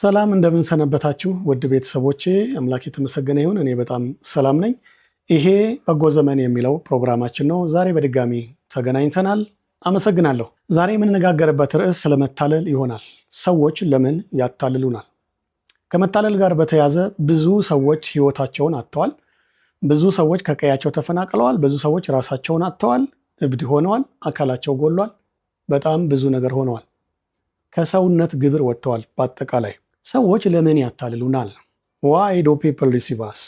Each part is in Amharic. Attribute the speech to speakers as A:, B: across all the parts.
A: ሰላም እንደምን ሰነበታችሁ ውድ ቤተሰቦቼ፣ አምላክ የተመሰገነ ይሁን። እኔ በጣም ሰላም ነኝ። ይሄ በጎ ዘመን የሚለው ፕሮግራማችን ነው። ዛሬ በድጋሚ ተገናኝተናል። አመሰግናለሁ። ዛሬ የምንነጋገርበት ርዕስ ስለመታለል ይሆናል። ሰዎች ለምን ያታልሉናል? ከመታለል ጋር በተያዘ ብዙ ሰዎች ህይወታቸውን አጥተዋል። ብዙ ሰዎች ከቀያቸው ተፈናቅለዋል። ብዙ ሰዎች ራሳቸውን አጥተዋል፣ እብድ ሆነዋል፣ አካላቸው ጎሏል። በጣም ብዙ ነገር ሆነዋል። ከሰውነት ግብር ወጥተዋል። በአጠቃላይ ሰዎች ለምን ያታልሉናል? ዋይ ዶ ፒፕል ሪሲቭ አስ?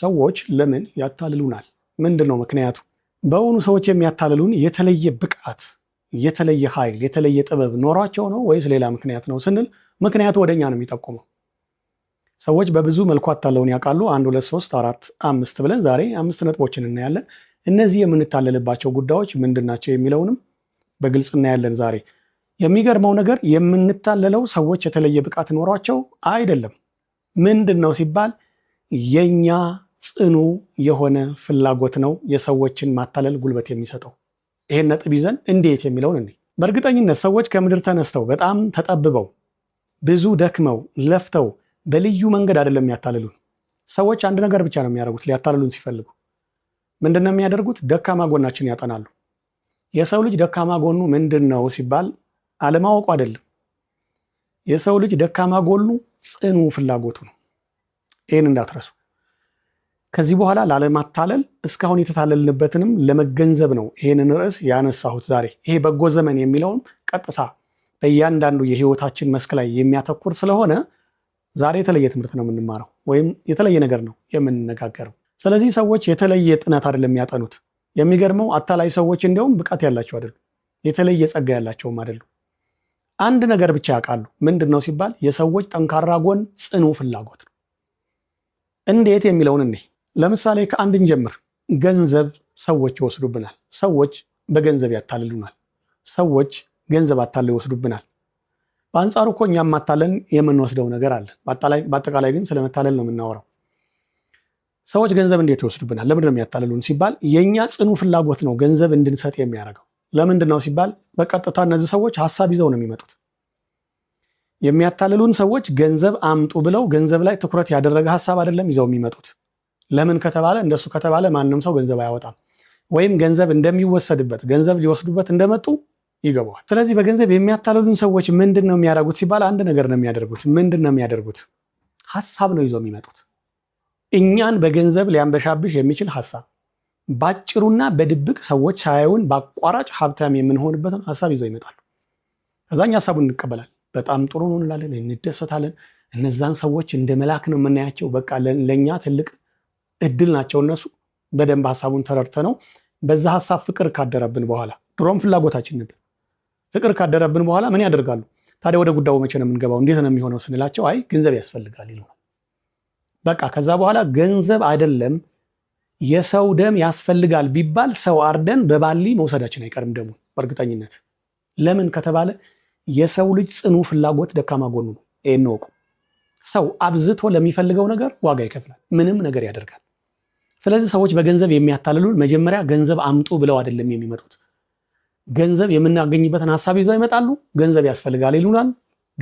A: ሰዎች ለምን ያታልሉናል? ምንድን ነው ምክንያቱ? በእውኑ ሰዎች የሚያታልሉን የተለየ ብቃት፣ የተለየ ኃይል፣ የተለየ ጥበብ ኖሯቸው ነው ወይስ ሌላ ምክንያት ነው ስንል ምክንያቱ ወደኛ ነው የሚጠቁመው። ሰዎች በብዙ መልኩ አታለውን ያውቃሉ። አንድ ሁለት ሶስት አራት አምስት ብለን ዛሬ አምስት ነጥቦችን እናያለን። እነዚህ የምንታለልባቸው ጉዳዮች ምንድን ናቸው የሚለውንም በግልጽ እናያለን ዛሬ የሚገርመው ነገር የምንታለለው ሰዎች የተለየ ብቃት ኖሯቸው አይደለም። ምንድን ነው ሲባል የኛ ጽኑ የሆነ ፍላጎት ነው የሰዎችን ማታለል ጉልበት የሚሰጠው። ይሄን ነጥብ ይዘን እንዴት የሚለውን እኔ በእርግጠኝነት ሰዎች ከምድር ተነስተው በጣም ተጠብበው ብዙ ደክመው ለፍተው በልዩ መንገድ አይደለም የሚያታልሉን። ሰዎች አንድ ነገር ብቻ ነው የሚያደርጉት ሊያታልሉን ሲፈልጉ ምንድን ነው የሚያደርጉት? ደካማ ጎናችን ያጠናሉ። የሰው ልጅ ደካማ ጎኑ ምንድን ነው ሲባል አለማወቁ አይደለም። የሰው ልጅ ደካማ ጎኑ ጽኑ ፍላጎቱ ነው። ይህን እንዳትረሱ። ከዚህ በኋላ ላለማታለል እስካሁን የተታለልንበትንም ለመገንዘብ ነው ይህንን ርዕስ ያነሳሁት ዛሬ። ይሄ በጎ ዘመን የሚለውም ቀጥታ በእያንዳንዱ የህይወታችን መስክ ላይ የሚያተኩር ስለሆነ ዛሬ የተለየ ትምህርት ነው የምንማረው፣ ወይም የተለየ ነገር ነው የምንነጋገረው። ስለዚህ ሰዎች የተለየ ጥናት አይደለም የሚያጠኑት። የሚገርመው አታላይ ሰዎች እንዲያውም ብቃት ያላቸው አይደሉም፣ የተለየ ጸጋ ያላቸውም አይደሉም። አንድ ነገር ብቻ ያውቃሉ። ምንድን ነው ሲባል የሰዎች ጠንካራ ጎን ጽኑ ፍላጎት ነው። እንዴት የሚለውን እኔ ለምሳሌ ከአንድን ጀምር። ገንዘብ ሰዎች ይወስዱብናል። ሰዎች በገንዘብ ያታልሉናል። ሰዎች ገንዘብ አታለው ይወስዱብናል። በአንጻሩ እኮ እኛም ማታለን የምንወስደው ነገር አለ። በአጠቃላይ ግን ስለመታለል ነው የምናወራው። ሰዎች ገንዘብ እንዴት ይወስዱብናል? ለምንድን ነው የሚያታልሉን ሲባል የእኛ ጽኑ ፍላጎት ነው ገንዘብ እንድንሰጥ የሚያደርገው ለምንድን ነው ሲባል በቀጥታ እነዚህ ሰዎች ሀሳብ ይዘው ነው የሚመጡት። የሚያታልሉን ሰዎች ገንዘብ አምጡ ብለው ገንዘብ ላይ ትኩረት ያደረገ ሀሳብ አይደለም ይዘው የሚመጡት። ለምን ከተባለ እንደሱ ከተባለ ማንም ሰው ገንዘብ አያወጣም፣ ወይም ገንዘብ እንደሚወሰድበት ገንዘብ ሊወስዱበት እንደመጡ ይገባዋል። ስለዚህ በገንዘብ የሚያታልሉን ሰዎች ምንድን ነው የሚያደርጉት ሲባል አንድ ነገር ነው የሚያደርጉት። ምንድን ነው የሚያደርጉት? ሀሳብ ነው ይዘው የሚመጡት። እኛን በገንዘብ ሊያንበሻብሽ የሚችል ሀሳብ ባጭሩና በድብቅ ሰዎች ሳያዩን በአቋራጭ ሀብታም የምንሆንበትን ሀሳብ ይዘው ይመጣሉ። ከዛኛ ሀሳቡን እንቀበላል። በጣም ጥሩ ነው እንላለን፣ እንደሰታለን። እነዛን ሰዎች እንደ መላክ ነው የምናያቸው። በቃ ለእኛ ትልቅ እድል ናቸው እነሱ። በደንብ ሀሳቡን ተረድተ ነው በዛ ሀሳብ ፍቅር ካደረብን በኋላ ድሮም ፍላጎታችን ነበር። ፍቅር ካደረብን በኋላ ምን ያደርጋሉ ታዲያ? ወደ ጉዳዩ መቼ ነው የምንገባው? እንዴት ነው የሚሆነው ስንላቸው አይ ገንዘብ ያስፈልጋል ይሉ። በቃ ከዛ በኋላ ገንዘብ አይደለም የሰው ደም ያስፈልጋል ቢባል ሰው አርደን በባሊ መውሰዳችን አይቀርም ደሙን በእርግጠኝነት። ለምን ከተባለ የሰው ልጅ ጽኑ ፍላጎት ደካማ ጎኑ ነው። ይህን ወቁ። ሰው አብዝቶ ለሚፈልገው ነገር ዋጋ ይከፍላል፣ ምንም ነገር ያደርጋል። ስለዚህ ሰዎች በገንዘብ የሚያታልሉን መጀመሪያ ገንዘብ አምጡ ብለው አይደለም የሚመጡት። ገንዘብ የምናገኝበትን ሀሳብ ይዘው ይመጣሉ። ገንዘብ ያስፈልጋል ይሉናል፣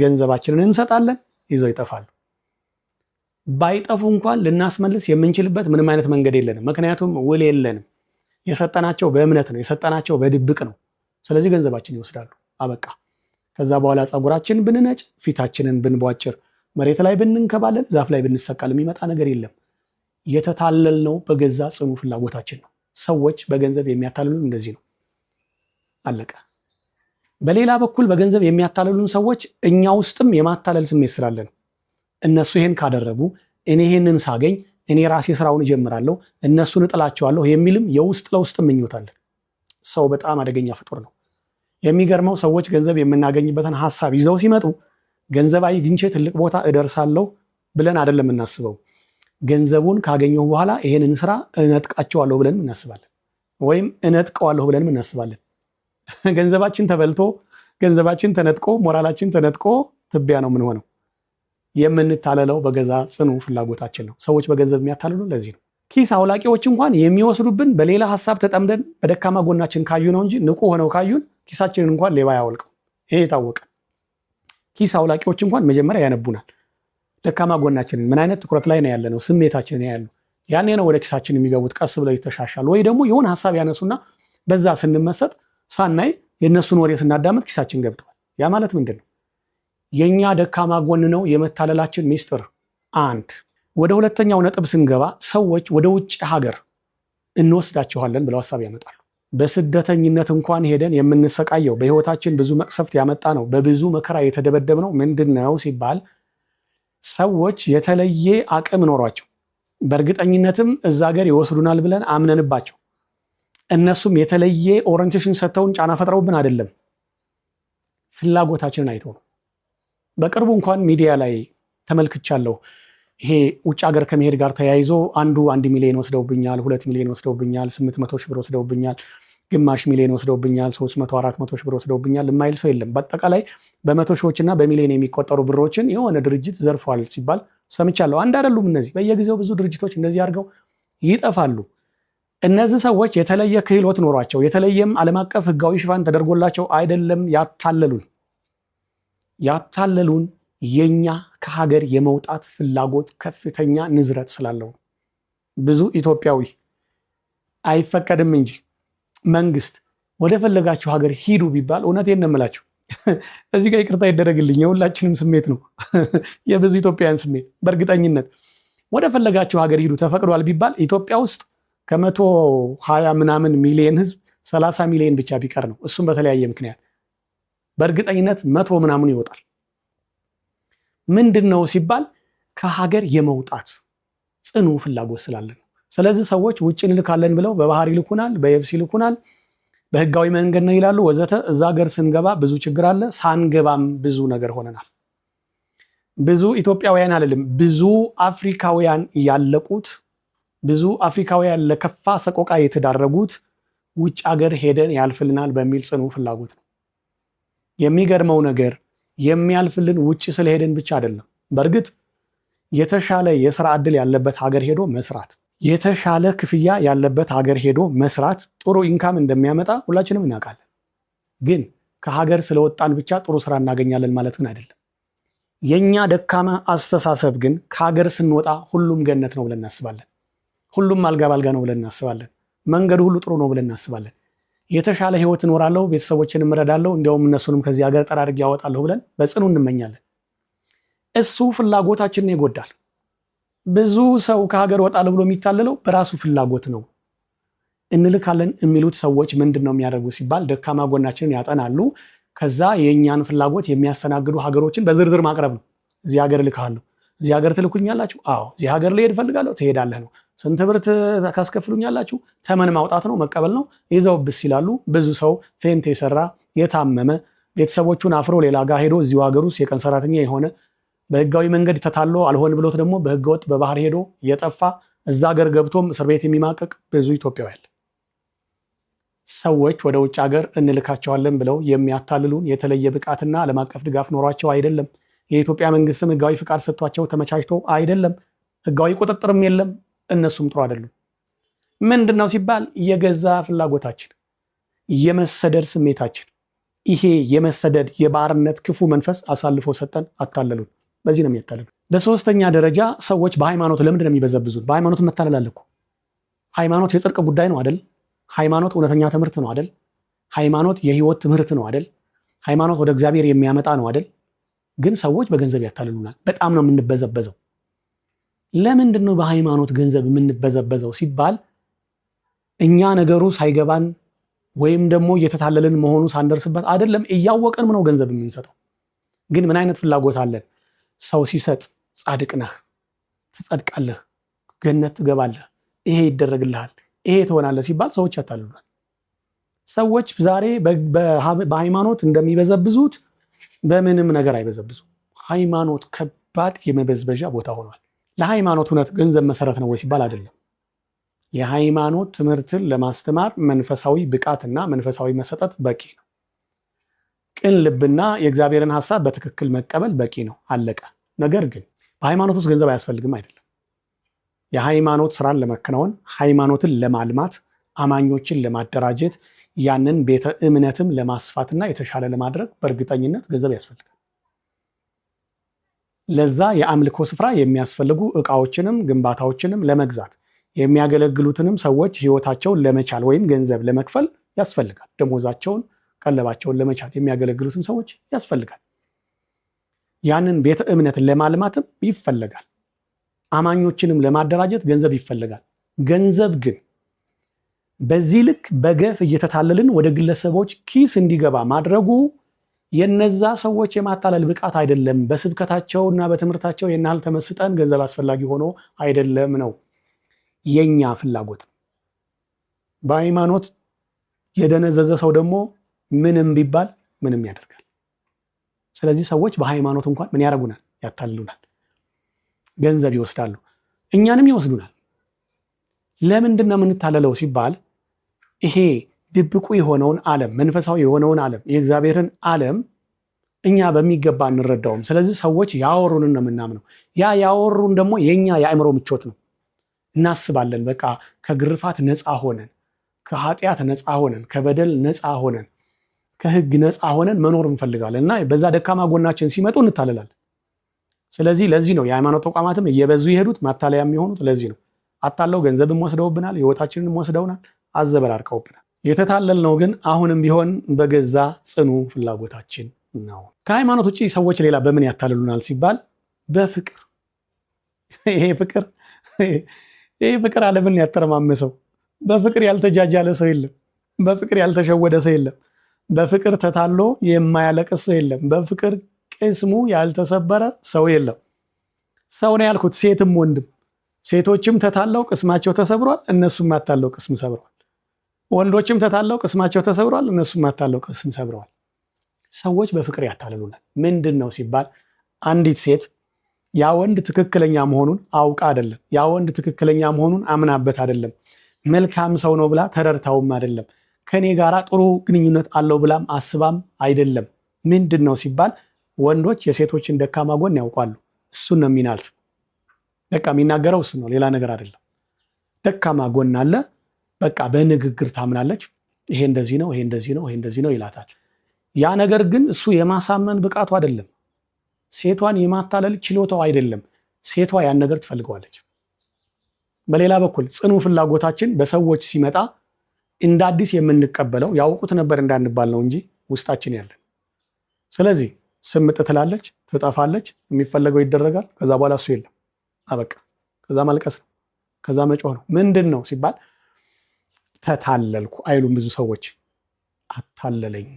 A: ገንዘባችንን እንሰጣለን፣ ይዘው ይጠፋሉ። ባይጠፉ እንኳን ልናስመልስ የምንችልበት ምንም አይነት መንገድ የለንም። ምክንያቱም ውል የለንም። የሰጠናቸው በእምነት ነው፣ የሰጠናቸው በድብቅ ነው። ስለዚህ ገንዘባችን ይወስዳሉ። አበቃ። ከዛ በኋላ ፀጉራችን ብንነጭ፣ ፊታችንን ብንቧጭር፣ መሬት ላይ ብንንከባለል፣ ዛፍ ላይ ብንሰቀል የሚመጣ ነገር የለም። የተታለልነው በገዛ ጽኑ ፍላጎታችን ነው። ሰዎች በገንዘብ የሚያታልሉ እንደዚህ ነው። አለቀ። በሌላ በኩል በገንዘብ የሚያታልሉን ሰዎች እኛ ውስጥም የማታለል ስሜት ስላለን እነሱ ይሄን ካደረጉ እኔ ይሄንን ሳገኝ እኔ ራሴ ስራውን እጀምራለሁ፣ እነሱን እጥላቸዋለሁ የሚልም የውስጥ ለውስጥ ምኞታል። ሰው በጣም አደገኛ ፍጡር ነው። የሚገርመው ሰዎች ገንዘብ የምናገኝበትን ሀሳብ ይዘው ሲመጡ ገንዘብ አግኝቼ ትልቅ ቦታ እደርሳለሁ ብለን አይደለም እናስበው። ገንዘቡን ካገኘሁ በኋላ ይሄንን ስራ እነጥቃቸዋለሁ ብለን እናስባለን፣ ወይም እነጥቀዋለሁ ብለን እናስባለን። ገንዘባችን ተበልቶ፣ ገንዘባችን ተነጥቆ፣ ሞራላችን ተነጥቆ ትቢያ ነው የምንሆነው። የምንታለለው በገዛ ጽኑ ፍላጎታችን ነው። ሰዎች በገንዘብ የሚያታልሉ ለዚህ ነው። ኪስ አውላቂዎች እንኳን የሚወስዱብን በሌላ ሀሳብ ተጠምደን በደካማ ጎናችን ካዩ ነው እንጂ ንቁ ሆነው ካዩን ኪሳችንን እንኳን ሌባ ያወልቀው ይሄ የታወቀ ኪስ አውላቂዎች እንኳን መጀመሪያ ያነቡናል። ደካማ ጎናችንን ምን አይነት ትኩረት ላይ ነው ያለነው፣ ስሜታችንን ያሉ ያኔ ነው ወደ ኪሳችን የሚገቡት። ቀስ ብለው ይተሻሻሉ። ወይ ደግሞ የሆነ ሀሳብ ያነሱና በዛ ስንመሰጥ ሳናይ የእነሱን ወሬ ስናዳመጥ ኪሳችን ገብተዋል። ያ ማለት ምንድን ነው? የእኛ ደካማ ጎን ነው የመታለላችን ሚስጥር። አንድ ወደ ሁለተኛው ነጥብ ስንገባ ሰዎች ወደ ውጭ ሀገር እንወስዳችኋለን ብለው ሀሳብ ያመጣሉ። በስደተኝነት እንኳን ሄደን የምንሰቃየው በህይወታችን ብዙ መቅሰፍት ያመጣ ነው፣ በብዙ መከራ የተደበደብ ነው። ምንድን ነው ሲባል ሰዎች የተለየ አቅም ኖሯቸው በእርግጠኝነትም እዛ ሀገር ይወስዱናል ብለን አምነንባቸው እነሱም የተለየ ኦሪንቴሽን ሰጥተውን ጫና ፈጥረውብን አይደለም፣ ፍላጎታችንን አይተው ነው። በቅርቡ እንኳን ሚዲያ ላይ ተመልክቻለሁ። ይሄ ውጭ ሀገር ከመሄድ ጋር ተያይዞ አንዱ አንድ ሚሊዮን ወስደውብኛል፣ ሁለት ሚሊዮን ወስደውብኛል፣ ስምንት መቶ ሺህ ብር ወስደውብኛል፣ ግማሽ ሚሊዮን ወስደውብኛል፣ ሶስት መቶ አራት መቶ ሺህ ብር ወስደውብኛል የማይል ሰው የለም። በአጠቃላይ በመቶ ሺዎች እና በሚሊዮን የሚቆጠሩ ብሮችን የሆነ ድርጅት ዘርፏል ሲባል ሰምቻለሁ። አንድ አይደሉም እነዚህ። በየጊዜው ብዙ ድርጅቶች እንደዚህ አድርገው ይጠፋሉ። እነዚህ ሰዎች የተለየ ክህሎት ኖሯቸው የተለየም ዓለም አቀፍ ሕጋዊ ሽፋን ተደርጎላቸው አይደለም ያታለሉን ያታለሉን የኛ ከሀገር የመውጣት ፍላጎት ከፍተኛ ንዝረት ስላለው ብዙ ኢትዮጵያዊ አይፈቀድም እንጂ መንግስት ወደ ፈለጋችሁ ሀገር ሂዱ ቢባል እውነቴን ነው የምላችሁ። እዚህ ጋር ይቅርታ ይደረግልኝ፣ የሁላችንም ስሜት ነው፣ የብዙ ኢትዮጵያውያን ስሜት። በእርግጠኝነት ወደ ፈለጋችሁ ሀገር ሂዱ ተፈቅዷል ቢባል ኢትዮጵያ ውስጥ ከመቶ ሀያ ምናምን ሚሊየን ህዝብ ሰላሳ ሚሊየን ብቻ ቢቀር ነው። እሱም በተለያየ ምክንያት በእርግጠኝነት መቶ ምናምን ይወጣል። ምንድን ነው ሲባል ከሀገር የመውጣት ጽኑ ፍላጎት ስላለ ነው። ስለዚህ ሰዎች ውጭ እንልካለን ብለው በባህር ይልኩናል፣ በየብስ ይልኩናል፣ በህጋዊ መንገድ ነው ይላሉ ወዘተ። እዛ ሀገር ስንገባ ብዙ ችግር አለ። ሳንገባም ብዙ ነገር ሆነናል። ብዙ ኢትዮጵያውያን አይደለም ብዙ አፍሪካውያን ያለቁት፣ ብዙ አፍሪካውያን ለከፋ ሰቆቃ የተዳረጉት ውጭ ሀገር ሄደን ያልፍልናል በሚል ጽኑ ፍላጎት ነው። የሚገርመው ነገር የሚያልፍልን ውጭ ስለሄድን ብቻ አይደለም። በእርግጥ የተሻለ የስራ ዕድል ያለበት ሀገር ሄዶ መስራት፣ የተሻለ ክፍያ ያለበት ሀገር ሄዶ መስራት ጥሩ ኢንካም እንደሚያመጣ ሁላችንም እናውቃለን። ግን ከሀገር ስለወጣን ብቻ ጥሩ ስራ እናገኛለን ማለት ግን አይደለም። የእኛ ደካማ አስተሳሰብ ግን ከሀገር ስንወጣ ሁሉም ገነት ነው ብለን እናስባለን። ሁሉም አልጋ ባልጋ ነው ብለን እናስባለን። መንገዱ ሁሉ ጥሩ ነው ብለን እናስባለን። የተሻለ ህይወት እኖራለሁ፣ ቤተሰቦችን እምረዳለሁ፣ እንዲያውም እነሱንም ከዚህ ሀገር ጠራርጌ ያወጣለሁ ብለን በጽኑ እንመኛለን። እሱ ፍላጎታችንን ይጎዳል። ብዙ ሰው ከሀገር ወጣለሁ ብሎ የሚታለለው በራሱ ፍላጎት ነው። እንልካለን የሚሉት ሰዎች ምንድን ነው የሚያደርጉ ሲባል ደካማ ጎናችንን ያጠናሉ። ከዛ የእኛን ፍላጎት የሚያስተናግዱ ሀገሮችን በዝርዝር ማቅረብ ነው። እዚህ ሀገር እልክሃለሁ፣ እዚህ ሀገር ትልኩኛላችሁ፣ አዎ፣ እዚህ ሀገር ልሄድ እፈልጋለሁ፣ ትሄዳለህ ነው ስንት ብር ካስከፍሉኛላችሁ? ተመን ማውጣት ነው መቀበል ነው። ይዘው ብስ ይላሉ። ብዙ ሰው ፌንት የሰራ የታመመ ቤተሰቦቹን አፍሮ ሌላ ጋር ሄዶ እዚሁ ሀገር ውስጥ የቀን ሰራተኛ የሆነ በህጋዊ መንገድ ተታሎ አልሆን ብሎት ደግሞ በህገወጥ በባህር ሄዶ የጠፋ እዛ ሀገር ገብቶም እስር ቤት የሚማቀቅ ብዙ ኢትዮጵያውያን ሰዎች ወደ ውጭ ሀገር እንልካቸዋለን ብለው የሚያታልሉን የተለየ ብቃትና ዓለም አቀፍ ድጋፍ ኖሯቸው አይደለም። የኢትዮጵያ መንግስትም ህጋዊ ፍቃድ ሰጥቷቸው ተመቻችቶ አይደለም። ህጋዊ ቁጥጥርም የለም። እነሱም ጥሩ አይደሉም። ምንድን ነው ሲባል የገዛ ፍላጎታችን፣ የመሰደድ ስሜታችን። ይሄ የመሰደድ የባርነት ክፉ መንፈስ አሳልፎ ሰጠን፣ አታለሉን። በዚህ ነው የሚያታለሉ። በሶስተኛ ደረጃ ሰዎች በሃይማኖት ለምንድን ነው የሚበዘብዙን? በሃይማኖት መታለል አለ እኮ። ሃይማኖት የጽድቅ ጉዳይ ነው አደል? ሃይማኖት እውነተኛ ትምህርት ነው አደል? ሃይማኖት የህይወት ትምህርት ነው አደል? ሃይማኖት ወደ እግዚአብሔር የሚያመጣ ነው አደል? ግን ሰዎች በገንዘብ ያታልሉናል። በጣም ነው የምንበዘበዘው። ለምንድን ነው በሃይማኖት ገንዘብ የምንበዘበዘው ሲባል እኛ ነገሩ ሳይገባን ወይም ደግሞ እየተታለልን መሆኑ ሳንደርስበት አይደለም፣ እያወቀን ነው ገንዘብ የምንሰጠው። ግን ምን አይነት ፍላጎት አለን? ሰው ሲሰጥ ጻድቅ ነህ፣ ትጸድቃለህ፣ ገነት ትገባለህ፣ ይሄ ይደረግልሃል፣ ይሄ ትሆናለህ ሲባል ሰዎች ያታልሉናል። ሰዎች ዛሬ በሃይማኖት እንደሚበዘብዙት በምንም ነገር አይበዘብዙ። ሃይማኖት ከባድ የመበዝበዣ ቦታ ሆኗል። ለሃይማኖት እውነት ገንዘብ መሰረት ነው ወይ ሲባል አይደለም። የሃይማኖት ትምህርትን ለማስተማር መንፈሳዊ ብቃትና መንፈሳዊ መሰጠት በቂ ነው። ቅን ልብና የእግዚአብሔርን ሀሳብ በትክክል መቀበል በቂ ነው። አለቀ። ነገር ግን በሃይማኖት ውስጥ ገንዘብ አያስፈልግም አይደለም። የሃይማኖት ስራን ለመከናወን ሃይማኖትን ለማልማት አማኞችን ለማደራጀት ያንን ቤተ እምነትም ለማስፋትና የተሻለ ለማድረግ በእርግጠኝነት ገንዘብ ያስፈልጋል። ለዛ የአምልኮ ስፍራ የሚያስፈልጉ እቃዎችንም ግንባታዎችንም ለመግዛት የሚያገለግሉትንም ሰዎች ህይወታቸውን ለመቻል ወይም ገንዘብ ለመክፈል ያስፈልጋል። ደሞዛቸውን፣ ቀለባቸውን ለመቻል የሚያገለግሉትን ሰዎች ያስፈልጋል። ያንን ቤተ እምነት ለማልማትም ይፈለጋል። አማኞችንም ለማደራጀት ገንዘብ ይፈለጋል። ገንዘብ ግን በዚህ ልክ በገፍ እየተታለልን ወደ ግለሰቦች ኪስ እንዲገባ ማድረጉ የነዛ ሰዎች የማታለል ብቃት አይደለም። በስብከታቸው እና በትምህርታቸው የናህል ተመስጠን ገንዘብ አስፈላጊ ሆኖ አይደለም ነው የኛ ፍላጎት። በሃይማኖት የደነዘዘ ሰው ደግሞ ምንም ቢባል ምንም ያደርጋል። ስለዚህ ሰዎች በሃይማኖት እንኳን ምን ያደርጉናል? ያታልሉናል። ገንዘብ ይወስዳሉ፣ እኛንም ይወስዱናል። ለምንድን ነው የምንታለለው ሲባል ይሄ ድብቁ የሆነውን ዓለም መንፈሳዊ የሆነውን ዓለም የእግዚአብሔርን ዓለም እኛ በሚገባ እንረዳውም ስለዚህ ሰዎች ያወሩንን ነው የምናምነው። ያ ያወሩን ደግሞ የኛ የአእምሮ ምቾት ነው። እናስባለን በቃ ከግርፋት ነፃ ሆነን፣ ከኃጢአት ነፃ ሆነን፣ ከበደል ነፃ ሆነን፣ ከህግ ነፃ ሆነን መኖር እንፈልጋለን እና በዛ ደካማ ጎናችን ሲመጡ እንታለላለን። ስለዚህ ለዚህ ነው የሃይማኖት ተቋማትም እየበዙ የሄዱት ማታለያ የሚሆኑት ለዚህ ነው። አታለው ገንዘብም ወስደውብናል፣ ህይወታችንንም ወስደውናል፣ አዘበራርቀውብናል። የተታለልነው ግን አሁንም ቢሆን በገዛ ጽኑ ፍላጎታችን ነው። ከሃይማኖት ውጭ ሰዎች ሌላ በምን ያታልሉናል ሲባል በፍቅር ይሄ ፍቅር ይሄ ፍቅር ዓለምን ያተረማመሰው በፍቅር ያልተጃጃለ ሰው የለም። በፍቅር ያልተሸወደ ሰው የለም። በፍቅር ተታሎ የማያለቅስ ሰው የለም። በፍቅር ቅስሙ ያልተሰበረ ሰው የለም። ሰው ነው ያልኩት፣ ሴትም ወንድም። ሴቶችም ተታለው ቅስማቸው ተሰብሯል፣ እነሱም ያታለው ቅስም ሰብረዋል። ወንዶችም ተታለው ቅስማቸው ተሰብሯል፣ እነሱም አታለው ቅስም ሰብረዋል። ሰዎች በፍቅር ያታልሉናል። ምንድን ነው ሲባል አንዲት ሴት ያ ወንድ ትክክለኛ መሆኑን አውቃ አይደለም፣ ያ ወንድ ትክክለኛ መሆኑን አምናበት አይደለም፣ መልካም ሰው ነው ብላ ተረድታውም አይደለም፣ ከኔ ጋራ ጥሩ ግንኙነት አለው ብላም አስባም አይደለም። ምንድን ነው ሲባል ወንዶች የሴቶችን ደካማ ጎን ያውቋሉ። እሱን ነው የሚናልት። በቃ የሚናገረው እሱ ነው፣ ሌላ ነገር አይደለም። ደካማ ጎን አለ በቃ በንግግር ታምናለች። ይሄ እንደዚህ ነው፣ ይሄ እንደዚህ ነው፣ ይሄ እንደዚህ ነው ይላታል። ያ ነገር ግን እሱ የማሳመን ብቃቱ አይደለም፣ ሴቷን የማታለል ችሎታው አይደለም። ሴቷ ያን ነገር ትፈልገዋለች። በሌላ በኩል ጽኑ ፍላጎታችን በሰዎች ሲመጣ እንደ አዲስ የምንቀበለው ያውቁት ነበር እንዳንባል ነው እንጂ ውስጣችን ያለን። ስለዚህ ስምጥ ትላለች፣ ትጠፋለች፣ የሚፈለገው ይደረጋል። ከዛ በኋላ እሱ የለም፣ አበቃ። ከዛ ማልቀስ ነው፣ ከዛ መጮህ ነው። ምንድን ነው ሲባል ተታለልኩ አይሉም ብዙ ሰዎች። አታለለኝ፣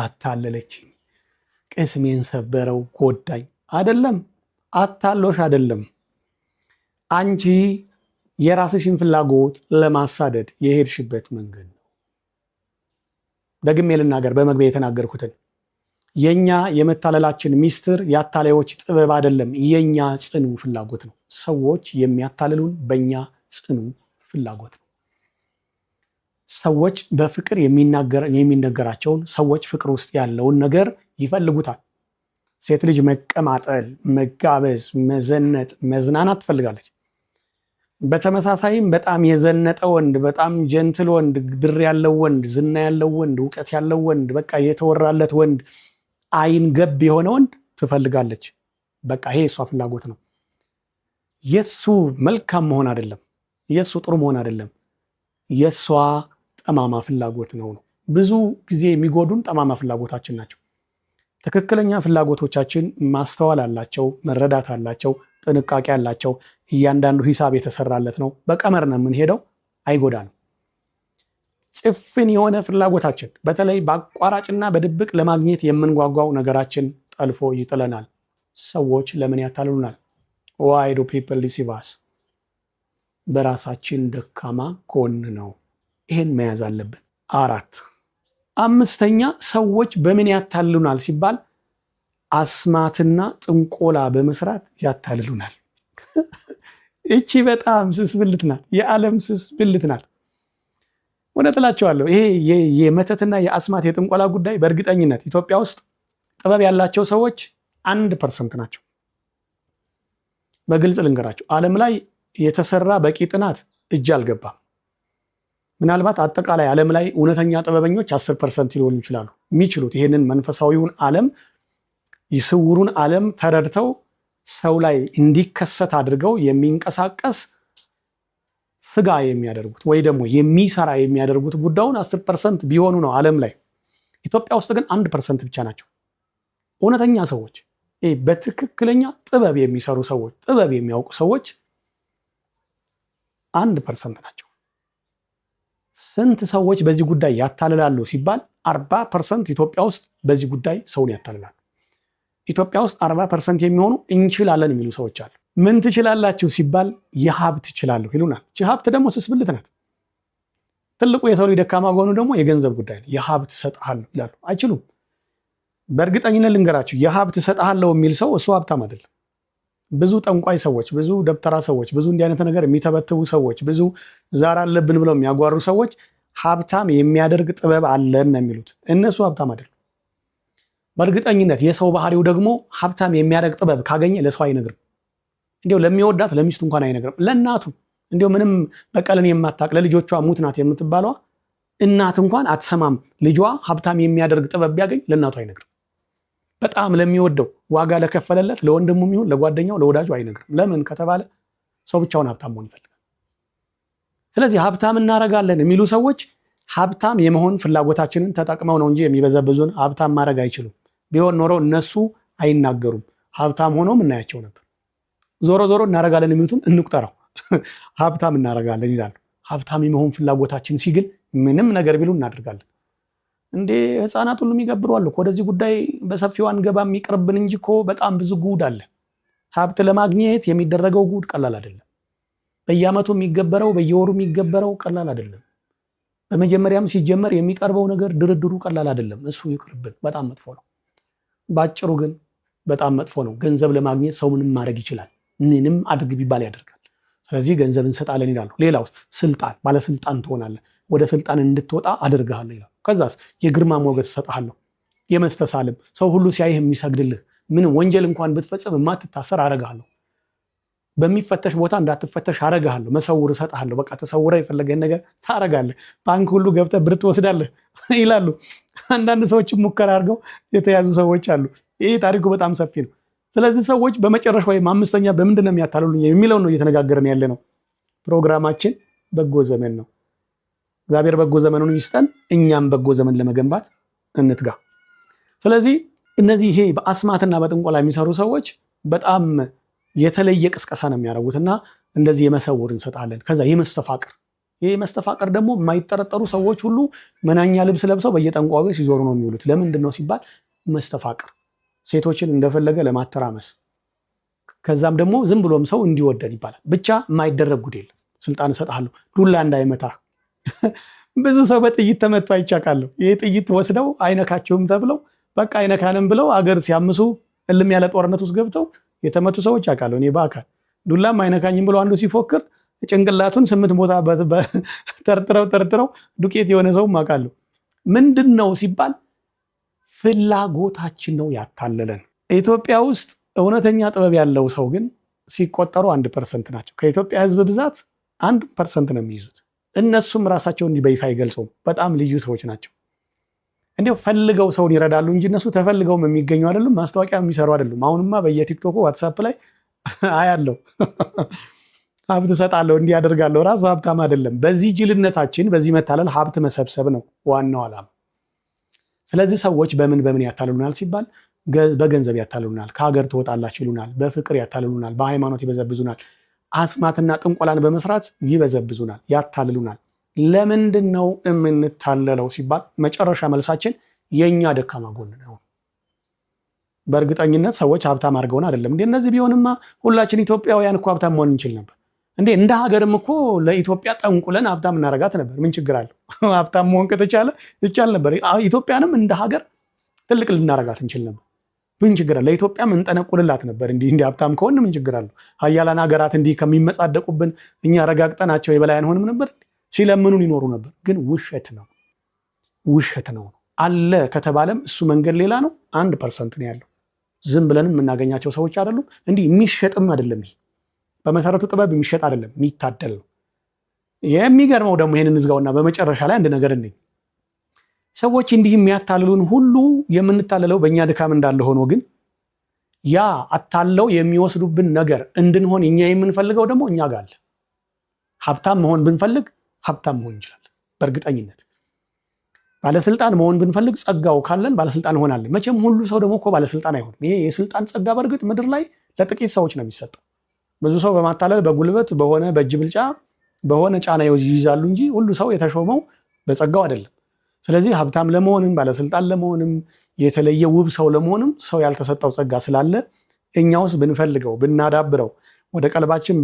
A: አታለለችኝ፣ ቅስሜን ሰበረው፣ ጎዳኝ። አደለም አታሎሽ አደለም። አንቺ የራስሽን ፍላጎት ለማሳደድ የሄድሽበት መንገድ ነው። ደግሜ ልናገር በመግቢያ የተናገርኩትን የኛ የመታለላችን ሚስጥር የአታላዮች ጥበብ አይደለም፣ የኛ ጽኑ ፍላጎት ነው። ሰዎች የሚያታልሉን በእኛ ጽኑ ፍላጎት ነው። ሰዎች በፍቅር የሚነገራቸውን ሰዎች ፍቅር ውስጥ ያለውን ነገር ይፈልጉታል። ሴት ልጅ መቀማጠል፣ መጋበዝ፣ መዘነጥ፣ መዝናናት ትፈልጋለች። በተመሳሳይም በጣም የዘነጠ ወንድ፣ በጣም ጀንትል ወንድ፣ ብር ያለው ወንድ፣ ዝና ያለው ወንድ፣ እውቀት ያለው ወንድ፣ በቃ የተወራለት ወንድ፣ አይን ገብ የሆነ ወንድ ትፈልጋለች። በቃ ይሄ እሷ ፍላጎት ነው። የእሱ መልካም መሆን አይደለም፣ የእሱ ጥሩ መሆን አይደለም የእሷ ጠማማ ፍላጎት ነው ነው። ብዙ ጊዜ የሚጎዱን ጠማማ ፍላጎታችን ናቸው። ትክክለኛ ፍላጎቶቻችን ማስተዋል አላቸው፣ መረዳት አላቸው፣ ጥንቃቄ አላቸው። እያንዳንዱ ሂሳብ የተሰራለት ነው። በቀመር ነው የምንሄደው፣ አይጎዳንም። ጭፍን የሆነ ፍላጎታችን በተለይ በአቋራጭና በድብቅ ለማግኘት የምንጓጓው ነገራችን ጠልፎ ይጥለናል። ሰዎች ለምን ያታልሉናል? ዋይ ዱ ፒፕል ዲሲቭ በራሳችን ደካማ ጎን ነው። ይሄን መያዝ አለብን። አራት አምስተኛ ሰዎች በምን ያታልሉናል ሲባል አስማትና ጥንቆላ በመስራት ያታልሉናል። እቺ በጣም ስስ ብልት ናት። የዓለም ስስ ብልት ናት። እውነት እላቸዋለሁ። ይሄ የመተትና የአስማት የጥንቆላ ጉዳይ በእርግጠኝነት ኢትዮጵያ ውስጥ ጥበብ ያላቸው ሰዎች አንድ ፐርሰንት ናቸው። በግልጽ ልንገራቸው፣ ዓለም ላይ የተሰራ በቂ ጥናት እጅ አልገባም። ምናልባት አጠቃላይ ዓለም ላይ እውነተኛ ጥበበኞች አስር ፐርሰንት ሊሆኑ ይችላሉ የሚችሉት ይህንን መንፈሳዊውን ዓለም ይስውሩን ዓለም ተረድተው ሰው ላይ እንዲከሰት አድርገው የሚንቀሳቀስ ስጋ የሚያደርጉት ወይ ደግሞ የሚሰራ የሚያደርጉት ጉዳዩን አስር ፐርሰንት ቢሆኑ ነው ዓለም ላይ። ኢትዮጵያ ውስጥ ግን አንድ ፐርሰንት ብቻ ናቸው እውነተኛ ሰዎች። በትክክለኛ ጥበብ የሚሰሩ ሰዎች፣ ጥበብ የሚያውቁ ሰዎች አንድ ፐርሰንት ናቸው። ስንት ሰዎች በዚህ ጉዳይ ያታልላሉ ሲባል አርባ ፐርሰንት ኢትዮጵያ ውስጥ በዚህ ጉዳይ ሰውን ያታልላሉ። ኢትዮጵያ ውስጥ አርባ ፐርሰንት የሚሆኑ እንችላለን የሚሉ ሰዎች አሉ። ምን ትችላላችሁ ሲባል የሀብት እችላለሁ ይሉናል። ይቺ ሀብት ደግሞ ስስብልት ናት። ትልቁ የሰው ልጅ ደካማ ጎኑ ደግሞ የገንዘብ ጉዳይ ነው። የሀብት እሰጥሃለሁ ይላሉ። አይችሉም። በእርግጠኝነት ልንገራችሁ፣ የሀብት እሰጥሃለሁ የሚል ሰው እሱ ሀብታም አይደለም። ብዙ ጠንቋይ ሰዎች፣ ብዙ ደብተራ ሰዎች፣ ብዙ እንዲህ አይነት ነገር የሚተበትቡ ሰዎች፣ ብዙ ዛር አለብን ብለው የሚያጓሩ ሰዎች ሀብታም የሚያደርግ ጥበብ አለን ነው የሚሉት። እነሱ ሀብታም አይደሉ። በእርግጠኝነት የሰው ባህሪው ደግሞ ሀብታም የሚያደርግ ጥበብ ካገኘ ለሰው አይነግርም። እንዲው ለሚወዳት ለሚስቱ እንኳን አይነግርም። ለእናቱ እንዲሁ ምንም በቀልን የማታቅ ለልጆቿ ሙት ናት የምትባለዋ እናት እንኳን አትሰማም። ልጇ ሀብታም የሚያደርግ ጥበብ ቢያገኝ ለእናቱ አይነግርም። በጣም ለሚወደው ዋጋ ለከፈለለት ለወንድሙ ይሁን ለጓደኛው ለወዳጁ አይነግርም። ለምን ከተባለ ሰው ብቻውን ሀብታም መሆን ይፈልጋል። ስለዚህ ሀብታም እናረጋለን የሚሉ ሰዎች ሀብታም የመሆን ፍላጎታችንን ተጠቅመው ነው እንጂ የሚበዘብዙን ሀብታም ማድረግ አይችሉም። ቢሆን ኖሮ እነሱ አይናገሩም፣ ሀብታም ሆኖም እናያቸው ነበር። ዞሮ ዞሮ እናረጋለን የሚሉትን እንቁጠረው። ሀብታም እናረጋለን ይላሉ። ሀብታም የመሆን ፍላጎታችን ሲግል ምንም ነገር ቢሉ እናደርጋለን። እንዴ ህፃናት ሁሉም ይገብረዋል ወደዚህ ጉዳይ በሰፊው አንገባ የሚቀርብን እንጂ እኮ በጣም ብዙ ጉድ አለ። ሀብት ለማግኘት የሚደረገው ጉድ ቀላል አይደለም። በየአመቱ የሚገበረው በየወሩ የሚገበረው ቀላል አይደለም። በመጀመሪያም ሲጀመር የሚቀርበው ነገር ድርድሩ ቀላል አይደለም። እሱ ይቅርብን፣ በጣም መጥፎ ነው። በአጭሩ ግን በጣም መጥፎ ነው። ገንዘብ ለማግኘት ሰው ምንም ማድረግ ይችላል። ምንም አድርግ ቢባል ያደርጋል። ስለዚህ ገንዘብ እንሰጣለን ይላሉ። ሌላው ስልጣን፣ ባለስልጣን ትሆናለህ ወደ ስልጣን እንድትወጣ አድርግሃለሁ ይላል። ከዛስ የግርማ ሞገስ እሰጥሃለሁ፣ የመስተሳልም ሰው ሁሉ ሲያይህ የሚሰግድልህ፣ ምን ወንጀል እንኳን ብትፈጽም የማትታሰር አረግሃለሁ፣ በሚፈተሽ ቦታ እንዳትፈተሽ አረግሃለሁ፣ መሰውር እሰጥሃለሁ። በቃ ተሰውረ የፈለገን ነገር ታረጋለህ፣ ባንክ ሁሉ ገብተህ ብር ትወስዳለህ ይላሉ። አንዳንድ ሰዎች ሙከራ አድርገው የተያዙ ሰዎች አሉ። ይህ ታሪኩ በጣም ሰፊ ነው። ስለዚህ ሰዎች በመጨረሻ ወይም አምስተኛ በምንድን ነው የሚያታልሉኝ ነው እየተነጋገረን ያለ ነው። ፕሮግራማችን በጎ ዘመን ነው። እግዚአብሔር በጎ ዘመኑን ይስጠን። እኛም በጎ ዘመን ለመገንባት እንትጋ። ስለዚህ እነዚህ ይሄ በአስማትና በጥንቆላ የሚሰሩ ሰዎች በጣም የተለየ ቅስቀሳ ነው እና እንደዚህ የመሰውር እንሰጣለን። ከዛ የመስተፋቅር ይህ መስተፋቅር ደግሞ የማይጠረጠሩ ሰዎች ሁሉ መናኛ ልብስ ለብሰው በየጠንቋዩ ሲዞሩ ነው የሚውሉት። ለምንድን ነው ሲባል መስተፋቅር፣ ሴቶችን እንደፈለገ ለማተራመስ ከዛም ደግሞ ዝም ብሎም ሰው እንዲወደድ ይባላል። ብቻ የማይደረግ ጉድ የለም። ስልጣን እሰጥሃለሁ፣ ዱላ እንዳይመታ ብዙ ሰው በጥይት ተመቶ አይቻቃለሁ። ይህ ጥይት ወስደው አይነካችሁም ተብለው በቃ አይነካንም ብለው አገር ሲያምሱ እልም ያለ ጦርነት ውስጥ ገብተው የተመቱ ሰዎች አውቃለሁ። እኔ በአካል ዱላም አይነካኝም ብሎ አንዱ ሲፎክር ጭንቅላቱን ስምንት ቦታ ተርጥረው ተርጥረው ዱቄት የሆነ ሰውም አውቃለሁ። ምንድን ነው ሲባል ፍላጎታችን ነው ያታለለን። ኢትዮጵያ ውስጥ እውነተኛ ጥበብ ያለው ሰው ግን ሲቆጠሩ አንድ ፐርሰንት ናቸው። ከኢትዮጵያ ሕዝብ ብዛት አንድ ፐርሰንት ነው የሚይዙት። እነሱም ራሳቸው እንዲህ በይፋ አይገልጹም። በጣም ልዩ ሰዎች ናቸው። እንዲሁ ፈልገው ሰውን ይረዳሉ እንጂ እነሱ ተፈልገውም የሚገኙ አይደሉም። ማስታወቂያ የሚሰሩ አይደሉም። አሁንማ በየቲክቶኩ ዋትሳፕ ላይ አያለው ሀብት እሰጣለሁ እንዲህ ራሱ ሀብታም አይደለም። በዚህ ጅልነታችን፣ በዚህ መታለል ሀብት መሰብሰብ ነው ዋናው ዓላማ። ስለዚህ ሰዎች በምን በምን ያታልሉናል ሲባል በገንዘብ ያታልሉናል፣ ከሀገር ትወጣላችሁ ይሉናል፣ በፍቅር ያታልሉናል፣ በሃይማኖት ይበዘብዙናል። አስማትና ጥንቆላን በመስራት ይበዘብዙናል፣ ያታልሉናል። ለምንድን ነው የምንታለለው ሲባል መጨረሻ መልሳችን የእኛ ደካማ ጎን ነው። በእርግጠኝነት ሰዎች ሀብታም አድርገውን አይደለም እንዴ? እነዚህ ቢሆንማ ሁላችን ኢትዮጵያውያን እኮ ሀብታም መሆን እንችል ነበር እንዴ? እንደ ሀገርም እኮ ለኢትዮጵያ ጠንቁለን ሀብታም እናረጋት ነበር። ምን ችግር አለው? ሀብታም መሆን ከተቻለ ይቻል ነበር። ኢትዮጵያንም እንደ ሀገር ትልቅ ልናረጋት እንችል ነበር። ምን ችግር አለ? ለኢትዮጵያ ምንጠነቁልላት ነበር። እንዲህ እንዲህ ሀብታም ከሆን ምን ችግር አለ? ሀያላን ሀገራት እንዲህ ከሚመጻደቁብን እኛ ረጋግጠናቸው የበላይ አንሆንም ነበር። ሲለምኑን ይኖሩ ነበር። ግን ውሸት ነው፣ ውሸት ነው። አለ ከተባለም እሱ መንገድ ሌላ ነው። አንድ ፐርሰንት ነው ያለው። ዝም ብለንም የምናገኛቸው ሰዎች አይደሉም። እንዲህ የሚሸጥም አይደለም። ይሄ በመሰረቱ ጥበብ የሚሸጥ አይደለም፣ የሚታደል ነው። የሚገርመው ደግሞ ይህንን እንዝጋውና በመጨረሻ ላይ አንድ ነገር እንኝ ሰዎች እንዲህ የሚያታልሉን ሁሉ የምንታለለው በእኛ ድካም እንዳለ ሆኖ ግን ያ አታለው የሚወስዱብን ነገር እንድንሆን እኛ የምንፈልገው ደግሞ እኛ ጋር አለ። ሀብታም መሆን ብንፈልግ ሀብታም መሆን እንችላለን በእርግጠኝነት። ባለስልጣን መሆን ብንፈልግ ጸጋው ካለን ባለስልጣን እንሆናለን። መቼም ሁሉ ሰው ደግሞ እኮ ባለስልጣን አይሆንም። ይሄ የስልጣን ጸጋ በእርግጥ ምድር ላይ ለጥቂት ሰዎች ነው የሚሰጠው። ብዙ ሰው በማታለል በጉልበት በሆነ በእጅ ብልጫ በሆነ ጫና ይይዛሉ እንጂ ሁሉ ሰው የተሾመው በጸጋው አይደለም። ስለዚህ ሀብታም ለመሆንም ባለስልጣን ለመሆንም የተለየ ውብ ሰው ለመሆንም ሰው ያልተሰጠው ጸጋ ስላለ እኛ ውስጥ ብንፈልገው ብናዳብረው ወደ ቀልባችን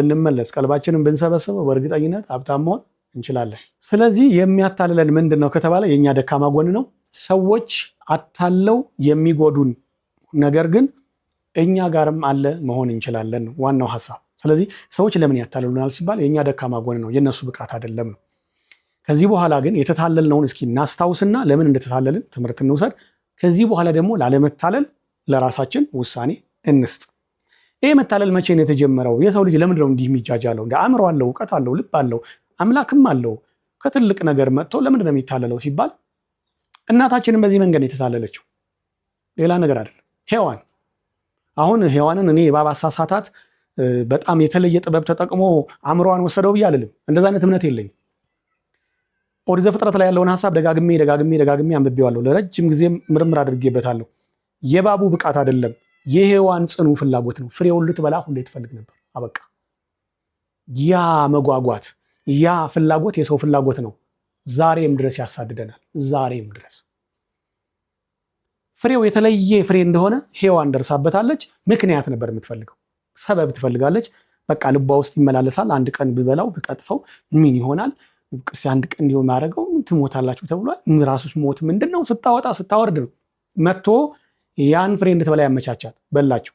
A: ብንመለስ ቀልባችንን ብንሰበሰበው በእርግጠኝነት ሀብታም መሆን እንችላለን። ስለዚህ የሚያታልለን ምንድን ነው ከተባለ የእኛ ደካማ ጎን ነው። ሰዎች አታለው የሚጎዱን ነገር ግን እኛ ጋርም አለ መሆን እንችላለን ዋናው ሀሳብ። ስለዚህ ሰዎች ለምን ያታልሉናል ሲባል የእኛ ደካማ ጎን ነው፣ የእነሱ ብቃት አይደለም ነው። ከዚህ በኋላ ግን የተታለልነውን እስኪ እናስታውስና ለምን እንደተታለልን ትምህርት እንውሰድ። ከዚህ በኋላ ደግሞ ላለመታለል ለራሳችን ውሳኔ እንስጥ። ይህ መታለል መቼ ነው የተጀመረው? የሰው ልጅ ለምንድነው ነው እንዲህ የሚጃጃለው? እንደ አእምሮ አለው፣ እውቀት አለው፣ ልብ አለው፣ አምላክም አለው። ከትልቅ ነገር መጥቶ ለምንድነው ነው የሚታለለው ሲባል እናታችንን በዚህ መንገድ ነው የተታለለችው። ሌላ ነገር አይደለም። ሔዋን አሁን ሔዋንን እኔ የባብ አሳሳታት በጣም የተለየ ጥበብ ተጠቅሞ አእምሮዋን ወሰደው ብዬ አልልም። እንደዛ አይነት እምነት የለኝም። ኦሪት ዘፍጥረት ላይ ያለውን ሀሳብ ደጋግሜ ደጋግሜ ደጋግሜ አንብቤዋለሁ። ለረጅም ጊዜም ምርምር አድርጌበታለሁ። የባቡ ብቃት አይደለም፣ የሔዋን ጽኑ ፍላጎት ነው። ፍሬውን ልትበላ ሁሌ ትፈልግ ነበር። አበቃ። ያ መጓጓት፣ ያ ፍላጎት የሰው ፍላጎት ነው። ዛሬም ድረስ ያሳድደናል። ዛሬም ድረስ ፍሬው የተለየ ፍሬ እንደሆነ ሔዋን ደርሳበታለች። ምክንያት ነበር የምትፈልገው፣ ሰበብ ትፈልጋለች። በቃ ልቧ ውስጥ ይመላለሳል። አንድ ቀን ብበላው ብቀጥፈው ምን ይሆናል? ቅስ አንድ ቀን እንዲሁ የሚያደርገው ትሞታላችሁ ተብሏል። ራሱ ሞት ምንድን ነው? ስታወጣ ስታወርድ ነው። መጥቶ ያን ፍሬ እንድትበላ ያመቻቻት በላችሁ።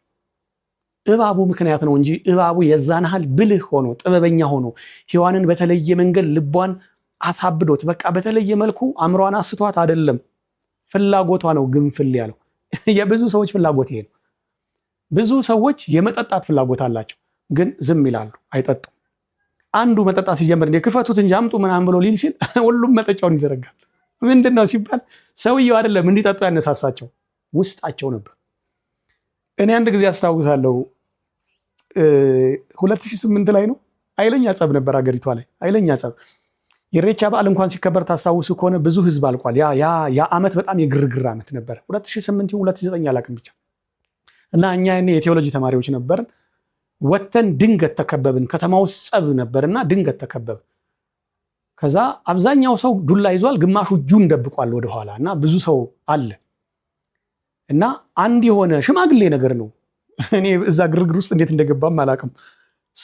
A: እባቡ ምክንያት ነው እንጂ እባቡ የዛን ያህል ብልህ ሆኖ ጥበበኛ ሆኖ ሔዋንን በተለየ መንገድ ልቧን አሳብዶት በቃ በተለየ መልኩ አእምሯን አስቷት አይደለም። ፍላጎቷ ነው ግንፍል ያለው። የብዙ ሰዎች ፍላጎት ይሄ ነው። ብዙ ሰዎች የመጠጣት ፍላጎት አላቸው፣ ግን ዝም ይላሉ፣ አይጠጡም። አንዱ መጠጣ ሲጀምር እንደ ክፈቱት እንጂ አምጡ ምናምን ብሎ ሊል ሲል ሁሉም መጠጫውን ይዘረጋል። ምንድን ነው ሲባል ሰውየው አይደለም እንዲጠጡ ያነሳሳቸው ውስጣቸው ነበር። እኔ አንድ ጊዜ አስታውሳለሁ ሁለት ላይ ነው ኃይለኛ ጸብ ነበር ሀገሪቷ ላይ ኃይለኛ ጸብ። የሬቻ በዓል እንኳን ሲከበር ታስታውሱ ከሆነ ብዙ ህዝብ አልቋል። ያ ዓመት በጣም የግርግር ዓመት ነበር። ሁለት ሺህ ስምንት ብቻ እና እኛ ያኔ የቴዎሎጂ ተማሪዎች ነበርን። ወተን ድንገት ተከበብን። ከተማ ውስጥ ጸብ ነበርና ድንገት ተከበብ። ከዛ አብዛኛው ሰው ዱላ ይዟል፣ ግማሹ እጁን ደብቋል ወደኋላ እና ብዙ ሰው አለ እና አንድ የሆነ ሽማግሌ ነገር ነው። እኔ እዛ ግርግር ውስጥ እንዴት እንደገባም አላውቅም።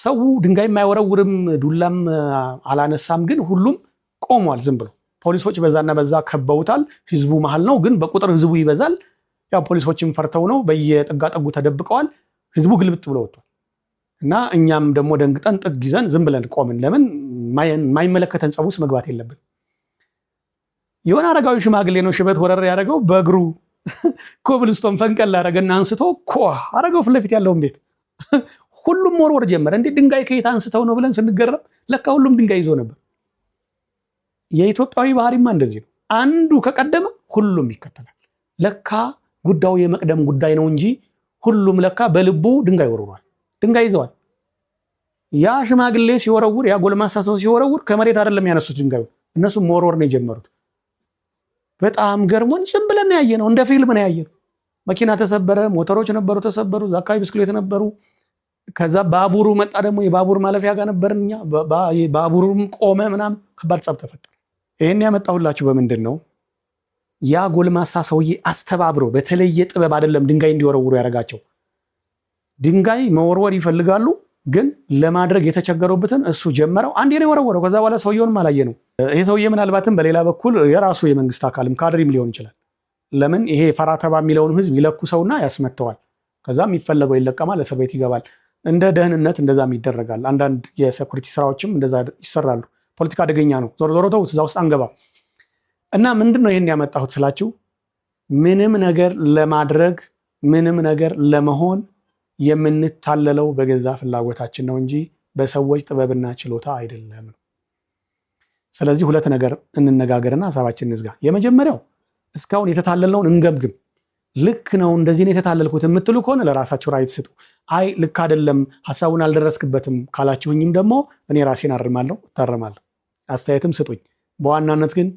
A: ሰው ድንጋይም አይወረውርም፣ ዱላም አላነሳም፣ ግን ሁሉም ቆሟል ዝም ብሎ። ፖሊሶች በዛና በዛ ከበውታል። ህዝቡ መሀል ነው፣ ግን በቁጥር ህዝቡ ይበዛል። ያው ፖሊሶችም ፈርተው ነው፣ በየጥጋጠጉ ተደብቀዋል። ህዝቡ ግልብጥ ብሎ ወጥቷል። እና እኛም ደግሞ ደንግጠን ጥግ ይዘን ዝም ብለን ቆምን። ለምን የማይመለከተን ጸብ ውስጥ መግባት የለብን። የሆነ አረጋዊ ሽማግሌ ነው ሽበት ወረር ያደረገው በእግሩ ኮብልስቶን ፈንቀል ላደረገና አንስቶ ኮ አረገው ፊት ለፊት ያለውን ቤት ሁሉም ወርወር ጀመረ። እንዴ ድንጋይ ከየት አንስተው ነው ብለን ስንገረም ለካ ሁሉም ድንጋይ ይዞ ነበር። የኢትዮጵያዊ ባህሪማ እንደዚህ ነው። አንዱ ከቀደመ ሁሉም ይከተላል። ለካ ጉዳዩ የመቅደም ጉዳይ ነው እንጂ ሁሉም ለካ በልቡ ድንጋይ ወርሯል። ድንጋይ ይዘዋል። ያ ሽማግሌ ሲወረውር፣ ያ ጎልማሳ ሰው ሲወረውር ከመሬት አይደለም ያነሱት ድንጋዩ፣ እነሱ መወርወር ነው የጀመሩት። በጣም ገርሞን ዝም ብለን ያየ ነው፣ እንደ ፊልም ነው ያየ ነው። መኪና ተሰበረ፣ ሞተሮች ነበሩ ተሰበሩ፣ እዛ አካባቢ ብስክሌት ነበሩ። ከዛ ባቡሩ መጣ፣ ደግሞ የባቡር ማለፊያ ጋር ነበርን እኛ። ባቡሩም ቆመ፣ ምናምን ከባድ ጸብ ተፈጠረ። ይህን ያመጣሁላችሁ በምንድን ነው ያ ጎልማሳ ሰውዬ አስተባብሮ በተለየ ጥበብ አይደለም ድንጋይ እንዲወረውሩ ያደረጋቸው ድንጋይ መወርወር ይፈልጋሉ፣ ግን ለማድረግ የተቸገሩበትን እሱ ጀመረው። አንዴ ነው የወረወረው። ከዛ በኋላ ሰውየውንም አላየ ነው። ይሄ ሰውዬ ምናልባትም በሌላ በኩል የራሱ የመንግስት አካልም ካድሪም ሊሆን ይችላል። ለምን ይሄ ፈራተባ የሚለውን ህዝብ ይለኩ ሰውና ያስመተዋል። ከዛ የሚፈለገው ይለቀማል፣ እስር ቤት ይገባል። እንደ ደህንነት እንደዛም ይደረጋል። አንዳንድ የሴኩሪቲ ስራዎችም እንደዛ ይሰራሉ። ፖለቲካ አደገኛ ነው። ዞሮ ዞሮ ተውት፣ እዛ ውስጥ አንገባም። እና ምንድን ነው ይህን ያመጣሁት ስላችሁ ምንም ነገር ለማድረግ ምንም ነገር ለመሆን የምንታለለው በገዛ ፍላጎታችን ነው እንጂ በሰዎች ጥበብና ችሎታ አይደለም። ስለዚህ ሁለት ነገር እንነጋገርና ሀሳባችን እንዝጋ። የመጀመሪያው እስካሁን የተታለልነውን እንገምግም። ልክ ነው እንደዚህ ነው የተታለልኩት የምትሉ ከሆነ ለራሳችሁ ራይት ስጡ። አይ ልክ አይደለም ሀሳቡን አልደረስክበትም ካላችሁኝም ደግሞ እኔ ራሴን አርማለሁ፣ እታረማለሁ፣ አስተያየትም ስጡኝ። በዋናነት ግን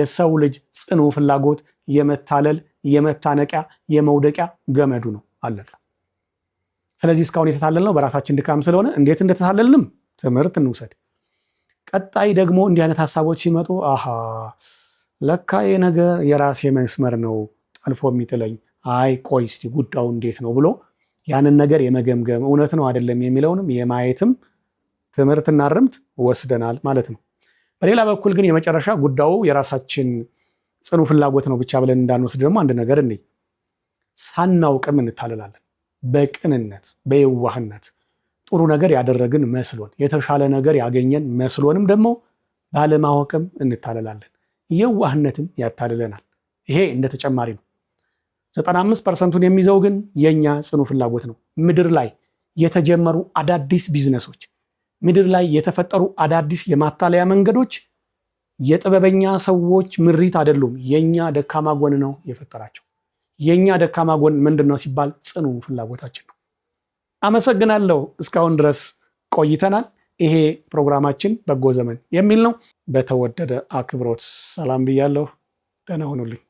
A: የሰው ልጅ ጽኑ ፍላጎት የመታለል የመታነቂያ የመውደቂያ ገመዱ ነው። አለፈ። ስለዚህ እስካሁን የተታለልነው በራሳችን ድካም ስለሆነ እንዴት እንደተታለልንም ትምህርት እንውሰድ። ቀጣይ ደግሞ እንዲህ አይነት ሀሳቦች ሲመጡ አሃ ለካ ነገር የራሴ መስመር ነው ጠልፎ የሚጥለኝ፣ አይ ቆይ እስቲ ጉዳዩ እንዴት ነው ብሎ ያንን ነገር የመገምገም እውነት ነው አይደለም የሚለውንም የማየትም ትምህርትና ርምት ወስደናል ማለት ነው። በሌላ በኩል ግን የመጨረሻ ጉዳዩ የራሳችን ጽኑ ፍላጎት ነው ብቻ ብለን እንዳንወስድ ደግሞ አንድ ነገር እንይ፣ ሳናውቅም እንታለላለን። በቅንነት በየዋህነት ጥሩ ነገር ያደረግን መስሎን የተሻለ ነገር ያገኘን መስሎንም ደግሞ ባለማወቅም እንታለላለን። የዋህነትም ያታልለናል። ይሄ እንደ ተጨማሪ ነው። 95 ፐርሰንቱን የሚይዘው ግን የእኛ ጽኑ ፍላጎት ነው። ምድር ላይ የተጀመሩ አዳዲስ ቢዝነሶች፣ ምድር ላይ የተፈጠሩ አዳዲስ የማታለያ መንገዶች የጥበበኛ ሰዎች ምሪት አይደሉም። የእኛ ደካማ ጎን ነው የፈጠራቸው። የእኛ ደካማ ጎን ምንድን ነው ሲባል ጽኑ ፍላጎታችን ነው። አመሰግናለሁ። እስካሁን ድረስ ቆይተናል። ይሄ ፕሮግራማችን በጎ ዘመን የሚል ነው። በተወደደ አክብሮት ሰላም ብያለሁ። ደህና ሁኑልኝ።